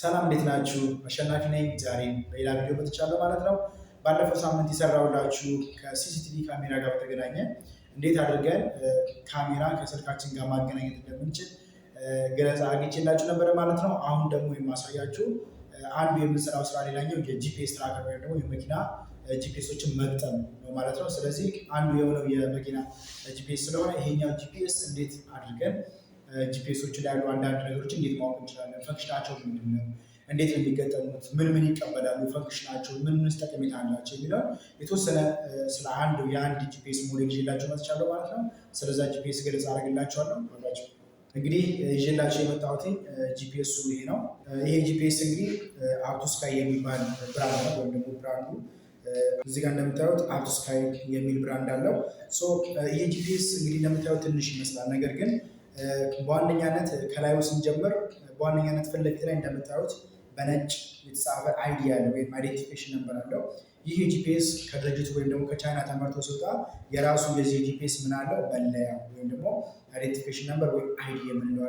ሰላም እንዴት ናችሁ? አሸናፊ ነኝ። ዛሬም በሌላ ቪዲዮ መጥቻለሁ ማለት ነው። ባለፈው ሳምንት የሰራሁላችሁ ከሲሲቲቪ ካሜራ ጋር በተገናኘ እንዴት አድርገን ካሜራ ከስልካችን ጋር ማገናኘት እንደምንችል ገለጻ አግኝቼላችሁ ነበረ ማለት ነው። አሁን ደግሞ የማሳያችሁ አንዱ የምንሰራው ስራ ሌላኛው የጂፒኤስ ትራከር ወይም ደግሞ የመኪና ጂፒኤሶችን መግጠም ነው ማለት ነው። ስለዚህ አንዱ የሆነው የመኪና ጂፒኤስ ስለሆነ ይሄኛው ጂፒኤስ እንዴት አድርገን ጂፒኤሶች ላይ ያሉ አንዳንድ ነገሮችን እንዴት ማወቅ እንችላለን? ፈንክሽናቸው ምንድን ነው? እንዴት ነው የሚገጠሙት? ምን ምን ይቀበላሉ? ፈንክሽናቸው ምን ምንስ ጠቀሜታ አላቸው የሚለው የተወሰነ ስለ አንድ የአንድ ጂፒኤስ ሞዴል ይዤላቸው መጥቻለሁ ማለት ነው። ስለዛ ጂፒኤስ ገለጽ አደርግላቸዋለሁ ባቸው እንግዲህ ይዤላቸው የመጣሁት ጂፒኤሱ ይሄ ነው። ይሄ ጂፒኤስ እንግዲህ አፕቶስካይ የሚባል ብራንድ ነው ወይም ደግሞ ብራንዱ እዚህ ጋር እንደምታዩት አፕቶስካይ የሚል ብራንድ አለው። ይሄ ጂፒኤስ እንግዲህ እንደምታዩት ትንሽ ይመስላል ነገር ግን በዋነኛነት ከላዩ ስንጀምር በዋነኛነት ፊት ለፊት ላይ እንደምታዩት በነጭ የተጻፈ አይዲ ያለው ወይም አይዴንቲፊኬሽን ነበር አለው። ይህ የጂፒኤስ ከድርጅቱ ወይም ደግሞ ከቻይና ተመርቶ ሲወጣ የራሱ የዚህ የጂፒኤስ ምን አለው መለያ ወይም ደግሞ አይዴንቲፊኬሽን ነበር ወይም አይዲ የምንለው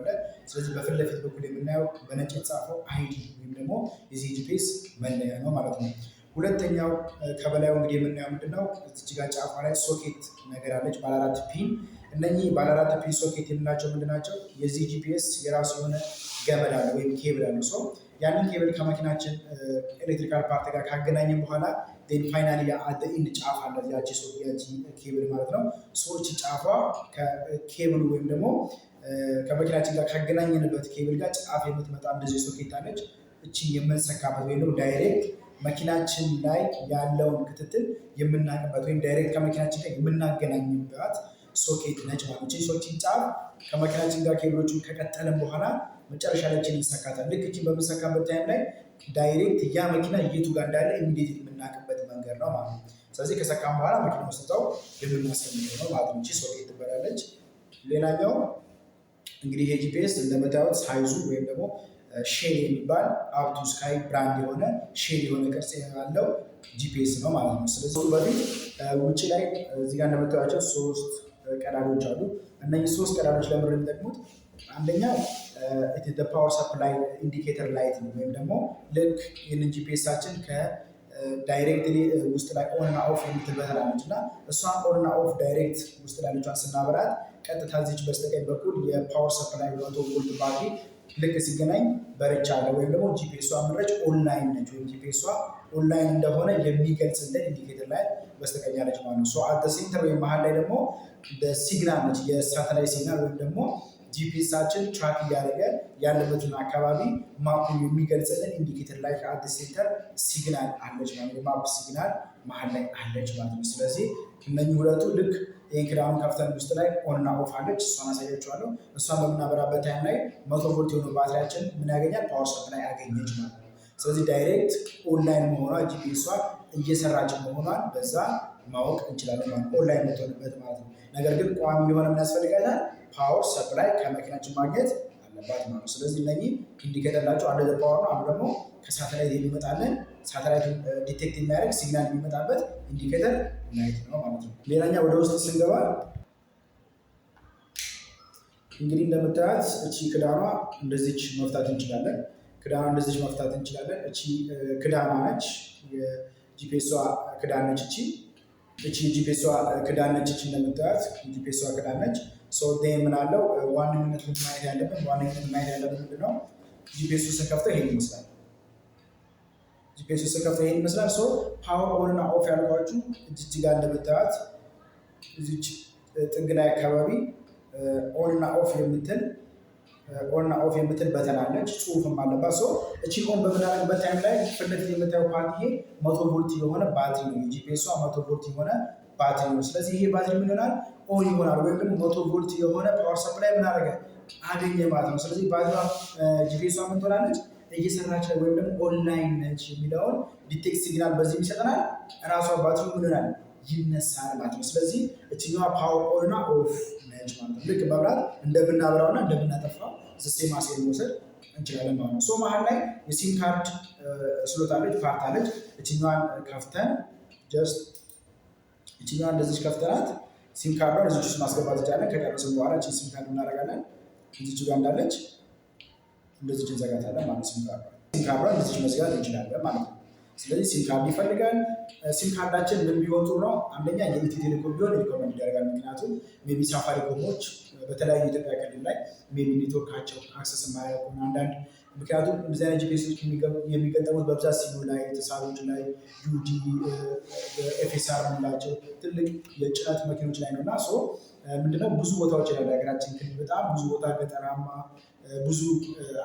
ስለዚህ በፊት ለፊት በኩል የምናየው በነጭ የተጻፈው አይዲ ወይም ደግሞ የዚህ ጂፒኤስ መለያ ነው ማለት ነው። ሁለተኛው ከበላዩ እንግዲህ የምናየው ምንድነው እዚህ ጫፏ ላይ ሶኬት ነገር አለች ባለ ፒን እነኚህ ባለአራት ፒን ሶኬት የምንላቸው ምንድን ናቸው? የዚህ ጂፒኤስ የራሱ የሆነ ገመድ አለ ወይም ኬብል አለ። ሰው ያንን ኬብል ከመኪናችን ኤሌክትሪካል ፓርት ጋር ካገናኘን በኋላ ን ፋይናሊ ኢንድ ጫፍ አለ ያቺ ኬብል ማለት ነው። ሰዎች ጫፏ ከኬብሉ ወይም ደግሞ ከመኪናችን ጋር ካገናኘንበት ኬብል ጋር ጫፍ የምትመጣ እንደዚህ ሶኬት አለች። እችን የምንሰካበት ወይም ደግሞ ዳይሬክት መኪናችን ላይ ያለውን ክትትል የምናቅበት ወይም ዳይሬክት ከመኪናችን ላይ የምናገናኝበት ሶኬት ነች ማለት ነው። ሶችን ጫፍ ከመኪናችን ጋር ኬብሎቹን ከቀጠለን በኋላ መጨረሻ ላችን ይሰካታል። ልክ እችን በምንሰካበት ታይም ላይ ዳይሬክት ያ መኪና የቱ ጋር እንዳለ ኢሚዲት የምናውቅበት መንገድ ነው ማለት ነው። ስለዚህ ከሰካም በኋላ መኪና ውስጥተው የምናስቀምጠው ነው ማለት ነው። ሶኬት ትበላለች። ሌላኛው እንግዲህ የጂፒኤስ እንደምታዩት ሳይዙ ወይም ደግሞ ሼል የሚባል አፕቱ ስካይ ብራንድ የሆነ ሼል የሆነ ቅርጽ ያለው ጂፒኤስ ነው ማለት ነው። ስለዚህ በፊት ውጭ ላይ እዚጋ እንደምታዩቸው ሶስት ቀዳዶች አሉ። እነዚህ ሶስት ቀዳዶች ለምር የሚጠቅሙት አንደኛው ፓወር ሰፕላይ ኢንዲኬተር ላይት ነው፣ ወይም ደግሞ ልክ ይህንን ጂፒኤሳችን ከዳይሬክትሊ uh, uh, ውስጥ ላይ ኦንና ኦፍ የምትበተላለች እና እሷን ኦንና ኦፍ ዳይሬክት ውስጥ ላለቿን ስናበራት ቀጥታ ዚች በስተቀኝ በኩል የፓወር ሰፕላይ መቶ ቮልት ባትሪ ልክ ሲገናኝ በርቻ አለ ወይም ደግሞ ጂፒኤሷ ምረጭ ኦንላይን ነች ወይም ጂፒኤሷ ኦንላይን እንደሆነ የሚገልጽልን ኢንዲኬተር ላይት በስተቀኝ ያለች ማለት ነው። አደ ሴንተር ወይም መሀል ላይ ደግሞ ሲግናል ነች፣ የሳተላይት ሲግናል ወይም ደግሞ ጂፒኤሳችን ትራክ እያደረገ ያለበትን አካባቢ ማፕ የሚገልጽልን ኢንዲኬተር ላይ ከአት ሴንተር ሲግናል አለች ማለት ነው። የማፕ ሲግናል መሀል ላይ አለች ማለት ነው። ስለዚህ እነኚህ ሁለቱ ልክ ይህን ክዳሁን ከፍተን ውስጥ ላይ ኦንና ኦፍ አለች። እሷን አሳያችኋለሁ። እሷን በምናበራበት ታይም ላይ መቶ ቮልት የሆኑ ባትሪያችን ምን ያገኛል? ፓወር ሰፕላይ ያገኘች ማለት ነው። ስለዚህ ዳይሬክት ኦንላይን መሆኗ ጂፒኤሷ እየሰራች መሆኗን በዛ ማወቅ እንችላለን ማለት ኦንላይን የምትሆንበት ማለት ነው። ነገር ግን ቋሚ የሆነ ምን ያስፈልጋታል? ፓወር ሰፕላይ ከመኪናችን ማግኘት አለባት ማለት ነው። ስለዚህ እነዚህ ኢንዲኬተር አንዱ ፓወር ነው፣ አንዱ ደግሞ ከሳተላይት የሚመጣልን ሳተላይት ዲቴክት የሚያደርግ ሲግናል የሚመጣበት ኢንዲኬተር ናይት ነው ማለት ነው። ሌላኛ ወደ ውስጥ ስንገባ እንግዲህ እንደምታያት እቺ ክዳኗ እንደዚች መፍታት እንችላለን። ክዳኗ እንደዚህ መፍታት እንችላለን። እቺ ክዳኗ ነች፣ የጂፒኤሷ ክዳን ነች። እቺ እቺ የጂፒኤሷ ክዳን ነች። እቺ እንደምታያት የጂፒኤሷ ክዳን ነች። ሰውቴ የምናለው ዋነኝነት ማየት ያለብን ዋነኝነት ማየት ያለብን ምንድን ነው? ጂፒኤሱ ስንከፍተው ይሄን ይመስላል። ጂፒኤሱ ስከፍተ ይሄን ይመስላል። ሶ ፓወር ኦን እና ኦፍ ያልኳችሁ እጅ ጋር እንደምታያት እዚች ጥግ ላይ አካባቢ ኦን እና ኦፍ የምትል ኦንና ኦፍ የምትል በተናለች ጽሁፍም አለባት። ሰው እቺ ሆን በምናደርግበት ታይም ላይ ፍለት የምታየው ፓርት ይሄ መቶ ቮልት የሆነ ባትሪ ነው። የጂፒኤሷ መቶ ቮልት የሆነ ባትሪ ነው። ስለዚህ ይሄ ባትሪ ምን ይሆናል? ኦን ይሆናል፣ ወይም ደግሞ መቶ ቮልት የሆነ ፓወር ሰፕላይ ምን አደረገ? አገኘ ማለት ነው። ስለዚህ ባትሪ ጂፒኤሷ ምን ትሆናለች? እየሰራች ላይ ወይም ደግሞ ኦንላይን ነች የሚለውን ዲቴክት ሲግናል በዚህ ይሰጠናል። እራሷ ባትሪ ምን ይሆናል? ይነሳል ማለት ነው። ስለዚህ እችኛዋ ፓወር ኦንና ኦፍ ነች ማለት ነው። ልክ መብራት እንደምናበራውና እንደምናጠፋው ሲስቴም አሴል መውሰድ እንችላለን ማለት ነው። ሶ መሀል ላይ የሲም ካርድ ስሎት አለች ካርት አለች። እችኛዋን ከፍተን ጀስት እችኛዋን እንደዚች ከፍተናት ሲም ካርዷን እዚች ውስጥ ማስገባት እንችላለን። ከጨረስን በኋላ እችን ሲም ካርድ እናደርጋለን። እዚች ጋር እንዳለች እንደዚች እንዘጋታለን ማለት ሲም ካርዷን እዚች መዝጋት እንችላለን ማለት ነው። ስለዚህ ሲም ካርድ ይፈልጋል። ሲም ካርዳችን ምን ቢሆን ጥሩ ነው? አንደኛ የኢትዮ ቴሌኮም ቢሆን ሪኮመንድ ይደረጋል። ምክንያቱም ሜቢ ሳፋሪኮሞች በተለያዩ ኢትዮጵያ ክልል ላይ ሜቢ ኔትወርካቸው አክሰስ የማያደርጉ አንዳንድ ምክንያቱም እንደዚህ አይነት ጂፒኤሶች የሚገጠሙት በብዛት ሲሙ ላይ ተሳቢዎች ላይ ዩዲ ኤፌሳር ምንላቸው ትልቅ የጭነት መኪኖች ላይ ነው እና ሶ ምንድነው ብዙ ቦታዎች ላይ ሀገራችን ክልል በጣም ብዙ ቦታ ገጠራማ ብዙ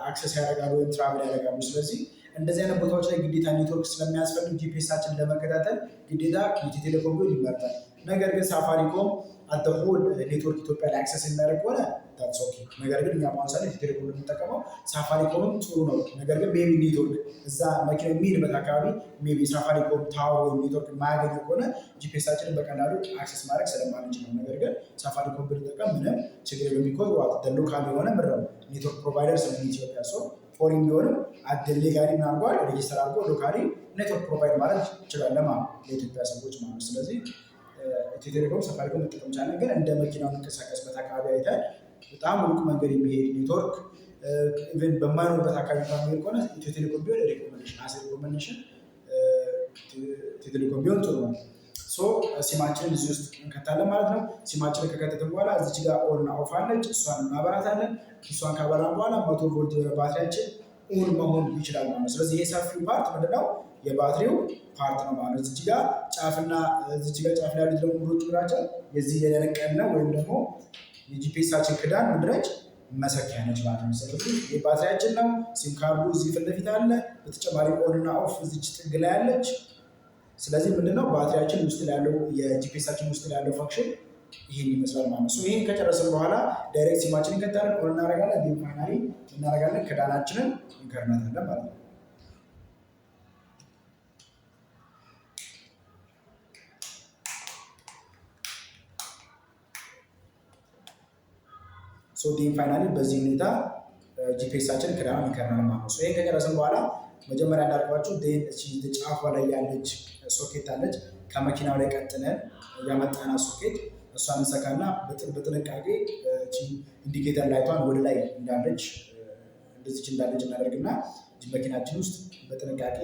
አክሰስ ያደርጋሉ ወይም ትራቭል ያደርጋሉ ስለዚህ እንደዚህ አይነት ቦታዎች ላይ ግዴታ ኔትወርክ ስለሚያስፈልግ ጂፒኤሳችን ለመከታተል ግዴታ ከኢትዮ ቴሌኮም ቢሆን ይመርጣል። ነገር ግን ሳፋሪኮም አደሆል ኔትወርክ ኢትዮጵያ ላይ አክሰስ የሚያደርግ ከሆነ ታሶኪ ነገር ግን እኛ በአሁኑ ሰዓት ኢትዮ ቴሌኮም የምንጠቀመው ሳፋሪኮምም ጥሩ ነው። ነገር ግን ሜቢ ኔትወርክ እዛ መኪና የሚሄድበት አካባቢ ሜቢ ሳፋሪኮም ታወር ወይም ኔትወርክ የማያገኝ ከሆነ ጂፒኤሳችንን በቀላሉ አክሰስ ማድረግ ስለማንችል ነው። ነገር ግን ሳፋሪኮም ብንጠቀም ምንም ችግር የሚኮዝ ዋት ደሎካል የሆነ ምረው ኔትወርክ ፕሮቫይደር ስለሚ ኢትዮጵያ ሰው ፎሪን ቢሆንም አደሌ ጋሪ ምናልባል ሬጅስተር አድርጎ ሎካሊ ኔትወርክ ፕሮቫይድ ማድረግ ይችላል ለማ ለኢትዮጵያ ሰዎች ማለት ስለዚህ ኢትዮ ቴሌኮም ሳፋሪኮም መጠቀም ቻለ። ግን እንደ መኪናው የሚንቀሳቀስበት አካባቢ አይተን በጣም ሩቅ መንገድ የሚሄድ ኔትወርክ በማይኖርበት አካባቢ ሚሄድ ከሆነ ኢትዮ ቴሌኮም ቢሆን ሪኮመንዴሽን አስ ሪኮመንዴሽን ኢትዮ ቴሌኮም ቢሆን ጥሩ ነው። ሲማችንን እዚህ ውስጥ እንከታለን ማለት ነው። ሲማችንን ከከተትን በኋላ እዚች ጋር ኦን ኦፍ አለች፣ እሷን እናበራታለን። እሷን ካበራን በኋላ መቶ ቮልት ባትሪያችን ኦን መሆን ይችላል ማለት ነው። ስለዚህ ይሄ ሰፊው ፓርት ምንድነው? የባትሪው ፓርት ነው ማለት ነው። እዚች ጋር ጫፍና እዚች ጋር ጫፍ ላይ ያሉት ደግሞ ሙዶች የዚህ የለቀን ነው ወይም ደግሞ የጂፒኤሳችን ክዳን ምድረች መሰኪያ ነች ማለት ነው። ስለዚህ የባትሪያችን ነው። ሲም ካርዱ እዚህ ፊት ለፊት አለ። በተጨማሪ ኦፍ እዚች ጥግ ላይ አለች። ስለዚህ ምንድነው ባትሪያችን ውስጥ ያለው የጂፒኤሳችን ውስጥ ያለው ፋንክሽን ይህን ይመስላል ማለት ነው። ይህን ከጨረስን በኋላ ዳይሬክት ሲማችንን ከታለን ኦን እናደርጋለን። እንዲሁም ፋይናሊ እናደርጋለን ክዳናችንን እንከርናታለን ማለት ነው። ሶ ዲም ፋይናሊ በዚህ ሁኔታ ጂፒኤሳችን uh, ክዳን እንከርናለን ማለት ነው። ይህን ከጨረስን በኋላ መጀመሪያ እንዳልኳችሁ ጫፏ ላይ ያለች ሶኬት አለች። ከመኪናው ላይ ቀጥለን ያመጣና ሶኬት እሷ እንሰካና በጥንቃቄ ኢንዲኬተር ላይቷን ወደ ላይ እንዳለች እንደዚች እንዳለች እናደርግና መኪናችን ውስጥ በጥንቃቄ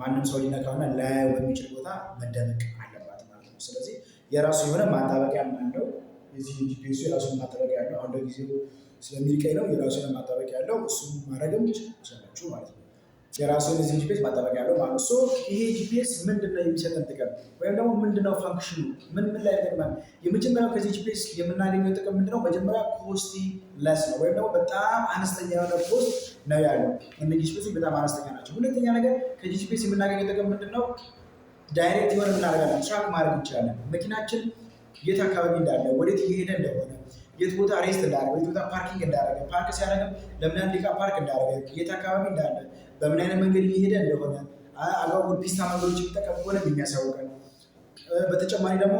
ማንም ሰው ሊነካውና ላያየው በሚችል ቦታ መደመቅ አለባት ማለት ነው። ስለዚህ የራሱ የሆነ ማጣበቂያ አለው። የዚህ ጂፒኤሱ የራሱ ማጣበቂያ ያለው አሁን ለጊዜው ስለሚቀይ ነው። የራሱ የሆነ ማጣበቂያ ያለው እሱ ማድረግም ችላችሁ ማለት ነው። የራሱን እዚህ ጂፒኤስ ማጠበቂያ ያለው ማለት ሶ ይሄ ጂፒኤስ ምንድን የሚሰጠን ጥቅም ወይም ደግሞ ምንድነው ፋንክሽኑ ምን ምን ላይ ይጠቅማል? የመጀመሪያው ከዚህ ጂፒኤስ የምናገኘው ጥቅም ምንድነው? መጀመሪያ ኮስቲ ለስ ነው ወይም ደግሞ በጣም አነስተኛ የሆነ ኮስት ነው ያለው። እነዚህ ጂፒኤሶች በጣም አነስተኛ ናቸው። ሁለተኛ ነገር ከዚህ ጂፒኤስ የምናገኘው ጥቅም ምንድነው? ዳይሬክት የሆነ የምናደርጋለን ትራክ ማድረግ እንችላለን። መኪናችን የት አካባቢ እንዳለ፣ ወዴት እየሄደ እንደሆነ የት ቦታ ሬስት እንዳደረገ፣ የት ቦታ ፓርኪንግ እንዳደረገ፣ ፓርክ ሲያደረግም ለምን አንድ ፓርክ እንዳደረገ፣ የት አካባቢ እንዳለ በምን አይነት መንገድ እየሄደ እንደሆነ አገው ፒስታ መንገዶች የሚጠቀም ከሆነ ነው። በተጨማሪ ደግሞ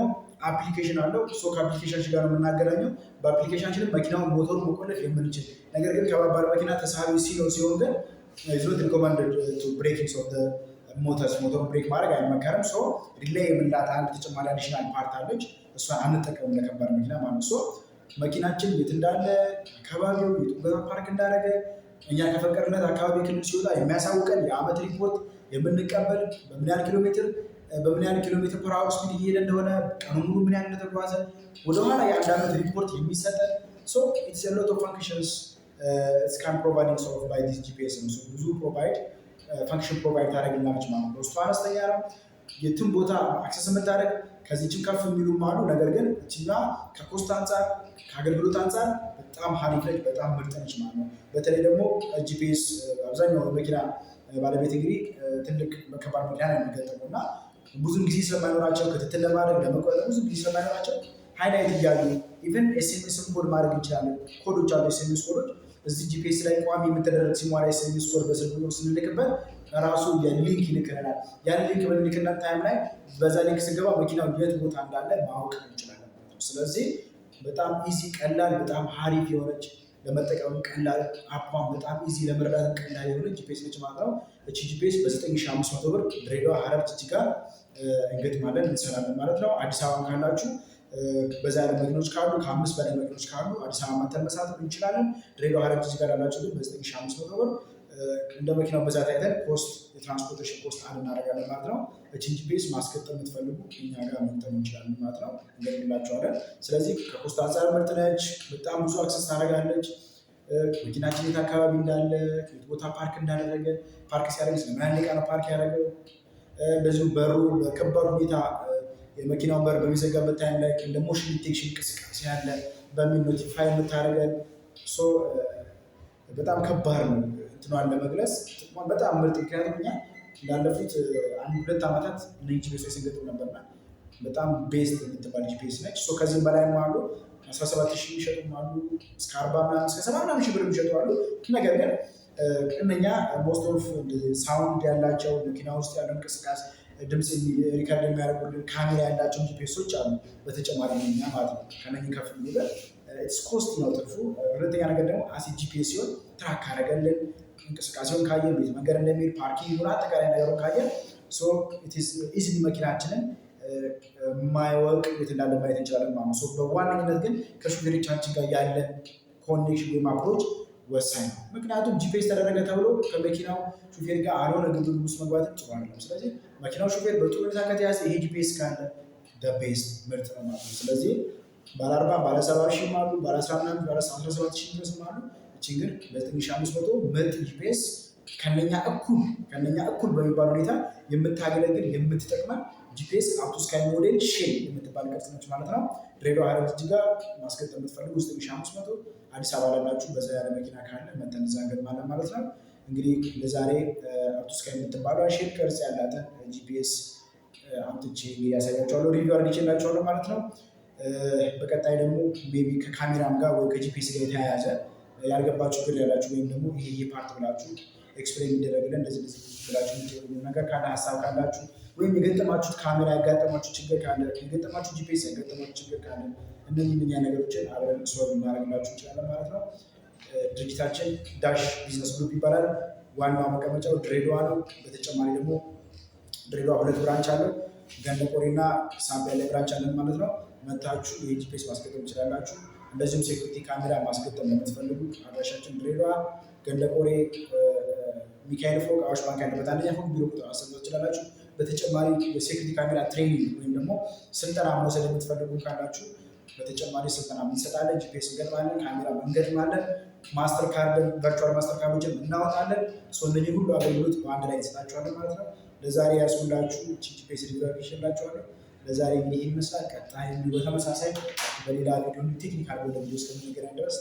አፕሊኬሽን አለው። ሶክ አፕሊኬሽናችን ጋር ነው የምናገናኘው። በአፕሊኬሽናችንም መኪናውን ሞተሩን መቆለፍ የምንችል ነገር ግን ከባባድ መኪና ተሳቢ ሲለው ሲሆን ግን ዞት ሪኮማንደድ ብሬኪንግ ኦፍ ሞተርስ ሞተሩን ብሬክ ማድረግ አይመከርም። ሶ ሪላይ የምንላት አንድ ተጨማሪ አዲሽናል ፓርት አለች። እሷን አንጠቀምም ለከባድ መኪና ማለት ሶ መኪናችን የት እንዳለ አካባቢው የቱ ፓርክ እንዳደረገ እኛ ከፈቀድነት አካባቢ ክልል ሲወጣ የሚያሳውቀን የአመት ሪፖርት የምንቀበል በምን ያህል ኪሎ ሜትር በምን ያህል ኪሎ ሜትር ፐር አወር ስፒድ እየሄደ እንደሆነ ቀኑ ሙሉ ምን ያህል እንደተጓዘ ወደኋላ የአንድ ዓመት ሪፖርት የሚሰጠን ሶ ኢትስ ኤ ሎት ኦፍ ፋንክሽንስ ስካን ፕሮቫይዲንግ ሶፍት ባይ ዲስ ጂፒኤስ ብዙ ፕሮቫይድ ፋንክሽን ፕሮቫይድ ታደረግልናለች ማለት ነው። እሱ አነስተኛ ነው። የትም ቦታ አክሰስ የምታደርግ ከዚችም ከፍ የሚሉም አሉ። ነገር ግን እችኛ ከኮስት አንጻር ከአገልግሎት አንጻር በጣም ሀሪፍ ነች፣ በጣም ምርጥ ነች ማለት ነው። በተለይ ደግሞ ጂፒኤስ አብዛኛው መኪና ባለቤት እንግዲህ ትልቅ ከባድ መኪና ነው የሚገጠሙ እና ብዙም ጊዜ ስለማይኖራቸው ክትትል ለማድረግ ለመቆጠር ብዙ ጊዜ ስለማይኖራቸው ሃይላይት እያሉ ኢቨን ኤስኤምኤስ ኮድ ማድረግ እንችላለን። ኮዶች አሉ፣ ኤስኤምኤስ ኮዶች እዚህ ጂፒኤስ ላይ ቋሚ የምትደረግ ሲሟላ ኤስኤምኤስ ኮድ በስልክ ስንልክበት ራሱ የሊንክ ይልክልናል። ያን ሊንክ በሚልክነት ታይም ላይ በዛ ሊንክ ስገባ መኪናው የት ቦታ እንዳለ ማወቅ እንችላለን ማለት ነው። ስለዚህ በጣም ኢዚ ቀላል፣ በጣም ሀሪፍ የሆነች ለመጠቀም ቀላል አፓም በጣም ኢዚ ለመረዳት ቀላል የሆነ ጂፒኤስ ነች ማለት ነው። እቺ ጂፒኤስ በ9500 ብር ድሬዳዋ፣ ሀረር፣ ጅጅጋ እንገጥማለን እንሰራለን ማለት ነው። አዲስ አበባ ካላችሁ በዛ ያለ መኪኖች ካሉ ከአምስት በላይ መኪኖች ካሉ አዲስ አበባ መተን መሳተፍ እንችላለን። ድሬዳዋ፣ ሀረር፣ ጅጅጋ ላላችሁ ግን በ9500 ብር እንደ መኪናው ብዛት አይተን ኮስት የትራንስፖርቴሽን ኮስት አንድ እናደርጋለን ማለት ነው። እችን ጂፒኤስ ማስገጠም የምትፈልጉ እኛ ጋር መግጠም እንችላለን ማለት ነው፣ እንገጥምላቸዋለን። ስለዚህ ከኮስት አንጻር ምርጥ ነች። በጣም ብዙ አክሰስ ታደርጋለች። መኪናችን የት አካባቢ እንዳለ ከየት ቦታ ፓርክ እንዳደረገ ፓርክ ሲያደርግ ስለምን ደቂቃ ነው ፓርክ ያደረገው፣ እንደዚሁም በሩ በከባድ ሁኔታ የመኪናውን በር በሚዘጋበት ታይም ላይ እንደ ሞሽን ዲቴክሽን እንቅስቃሴ ያለ በሚል ኖቲፋይ የምታደርገን በጣም ከባድ ነው። እንትኗን ለመግለጽ ጥቅሟን በጣም ምርጥ። ምክንያቱም እኛ ላለፉት አንድ ሁለት ዓመታት እነዚህ ችግሮች ስንገጥም ነበርና በጣም ቤስት የምትባል ጂፒኤስ ነች። ከዚህም በላይ አሉ አስራ ሰባት ሺህ የሚሸጡም አሉ እስከ አርባ ምናምን እስከ ሰባ ምናምን ሺህ ብር የሚሸጡ አሉ። ነገር ግን ቅድመኛ ሞስት ኦፍ ሳውንድ ያላቸው መኪና ውስጥ ያለው እንቅስቃሴ ድምፅ ሪከርድ የሚያደርጉልን ካሜራ ያላቸው ጂፒኤሶች አሉ። በተጨማሪ ኛ ማለት ነው ከነኝ ከፍ ሚለ ኮስት ነው ትርፉ። ሁለተኛ ነገር ደግሞ አሴ ጂፒኤስ ሲሆን ትራክ ካረገልን እንቅስቃሴውን ካየ ቤት መንገድ እንደሚሄድ ፓርኪ ሆነ አጠቃላይ ነገሩን ካየ ኢዝሊ መኪናችንን የማይወቅ uh, የት እንዳለ ማየት እንችላለን ማለት ነው። በዋነኝነት ግን ከሹፌሮቻችን ጋር ያለ ኮኔክሽን ወይም አፕሮች ወሳኝ ነው። ምክንያቱም ጂፒኤስ ተደረገ ተብሎ ከመኪናው ሹፌር ጋር አልሆነ ግብር ውስጥ መግባት ጥሩ አይደለም። ስለዚህ መኪናው ሹፌር በጥሩ ሁኔታ ከተያዘ ይሄ ጂፒኤስ ካለ ደቤስ ምርት ነው ማለት ነው። ስለዚህ ባለ አርባ ባለ ሰባ ሺህም አሉ ባለ አስራ ምናምን ባለ አስራ ሰባት ሺህ ድረስም አሉ እችን ግን በትንሽ አምስት መቶ ምርጥ ጂፒኤስ ከነኛ እኩል ከነኛ እኩል በሚባል ሁኔታ የምታገለግል የምትጠቅመን ጂፒኤስ አፕቱ ስካይ ሞዴል ሼል የምትባል ቅርጽ ነች ማለት ነው። ድሬዳዋ ሀረር ጅጋ ማስገጠም የምትፈልጉ ውስጥ ሚሻ አምስት መቶ አዲስ አበባ ላላችሁ በዛ ያለ መኪና ካለ መጠን እዛ ገጥማለን ማለት ነው። እንግዲህ ለዛሬ አፕቱ ስካይ የምትባሉ ሼል ቅርጽ ያላትን ጂፒኤስ አምጥቼ ያሳያቸዋለሁ ሪቪው አድርጌላቸዋለሁ ማለት ነው። በቀጣይ ደግሞ ቢ ከካሜራም ጋር ወይ ከጂፒኤስ ጋር የተያያዘ ያልገባችሁ ክር ያላችሁ ወይም ደግሞ ይሄ ፓርት ብላችሁ ኤክስፕሌን የሚደረግለን እንደዚህ እንደዚህ ብላችሁ የሚደረግ ነገር ካለ ሀሳብ ካላችሁ ወይም የገጠማችሁት ካሜራ ያጋጠማችሁ ችግር ካለ የገጠማችሁ ጂፒኤስ ያጋጠማችሁ ችግር ካለ እነዚህ ምኛ ነገሮችን አብረን ሶልቭ እናደርግላችሁ እንችላለን ማለት ነው። ድርጅታችን ዳሽ ቢዝነስ ግሩፕ ይባላል። ዋናው መቀመጫው ድሬዳዋ ነው። በተጨማሪ ደግሞ ድሬዳዋ ሁለት ብራንች አለው። ገንደ ቆሬና ሳምቢያ ላይ ብራንች አለን ማለት ነው። መታችሁ የጂፒኤስ ማስገጠም ይችላላችሁ። እንደዚሁም ሴኩሪቲ ካሜራ ማስገጠም ለምትፈልጉ አድራሻችን ድሬዳዋ ገንደቆሬ ሚካኤል ፎቅ አዋሽ ባንክ ያለበት አንደኛ ፎቅ ቢሮ ቁጥር አስር ትችላላችሁ። በተጨማሪ የሴኩሪቲ ካሜራ ትሬኒንግ ወይም ደግሞ ስልጠና መውሰድ የምትፈልጉ ካላችሁ በተጨማሪ ስልጠና እንሰጣለን። ጂፒኤስ እንገጥማለን፣ ካሜራ እንገጥማለን፣ ማስተር ካርድን ቨርቹዋል ማስተር ካርዶችን እናወጣለን። እነዚህ ሁሉ አገልግሎት በአንድ ላይ እንሰጣችኋለን ማለት ነው። ለዛሬ ያስሁላችሁ ጂፒኤስ ሊዘርሽላችኋለን። ለዛሬ እንግዲህ ይመስላል። ቀጣይ በተመሳሳይ በሌላ ቪዲዮ ቴክኒካል ወደ ቪዲዮ እስከምንገናኝ ድረስ